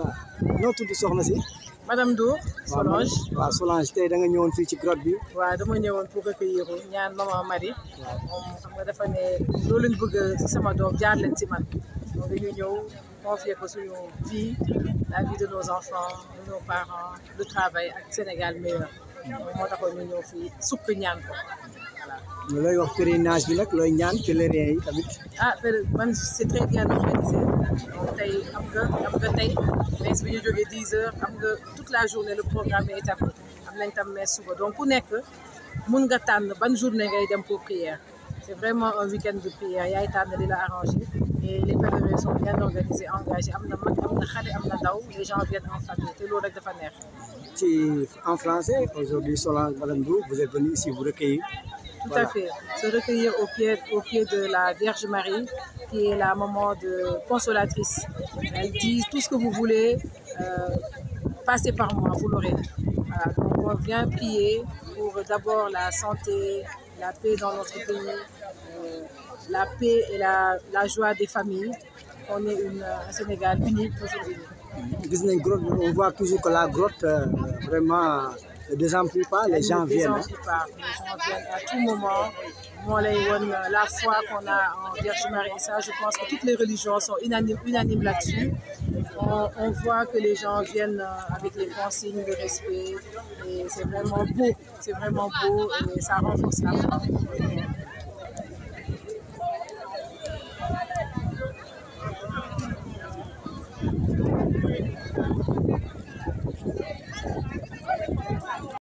voilà noo tudd soxna si. madame Ndour Solange waaw Solange tey da nga ñëwoon fii ci grotte bi. waa dama ñëwoon pour accueillir ñaan ma Marie. waaw moom xam nga dafa ne loolu lañ sama doom jaar leen si man. donc dañu ñëw confier ko suñu vie la vie de nos enfants de nos ak Sénégal meilleur. Hmm. moo taxoon ñu ñëw fii sukk ñaan ko. looy wax pèlerinage bi nag looy ñaan pèlerins yi tamit. ah man c'est très bien organisé tey am nga am nga tey messe bi ñu jógee 10 heures am nga toute la journée le programme est établi am nañ tam messe suba donc ku nekk mun nga tànn ban journée ngay dem pour prière c'est vraiment un week-end de prière yaay tànn di la arrangé et les pèlerins sont bien organisés engagés am na mag am na xale am na ndaw les gens viennent en famille te loolu rek dafa neex. ci en français aujourd'hui Solange Balambou vous êtes venu ici vous recueillir. Tout à fait. Se recueillir au pied, au pied de la Vierge Marie, qui est la maman de consolatrice. Elle dit tout ce que vous voulez, euh, passez par moi, vous l'aurez. Donc on vient prier pour d'abord la santé, la paix dans notre pays, euh, la paix et la, joie des familles. On est une, un Sénégal unique aujourd'hui. On voit toujours que la grotte, euh, vraiment, les gens viennent. Hein. Les gens viennent à tout moment. Euh, la foi qu'on a en Vierge Marie, ça, je pense que toutes les religions sont unanimes, là-dessus. On, voit que les gens viennent euh, avec les signes de respect et c'est vraiment beau, c'est vraiment beau et ça renforce la foi.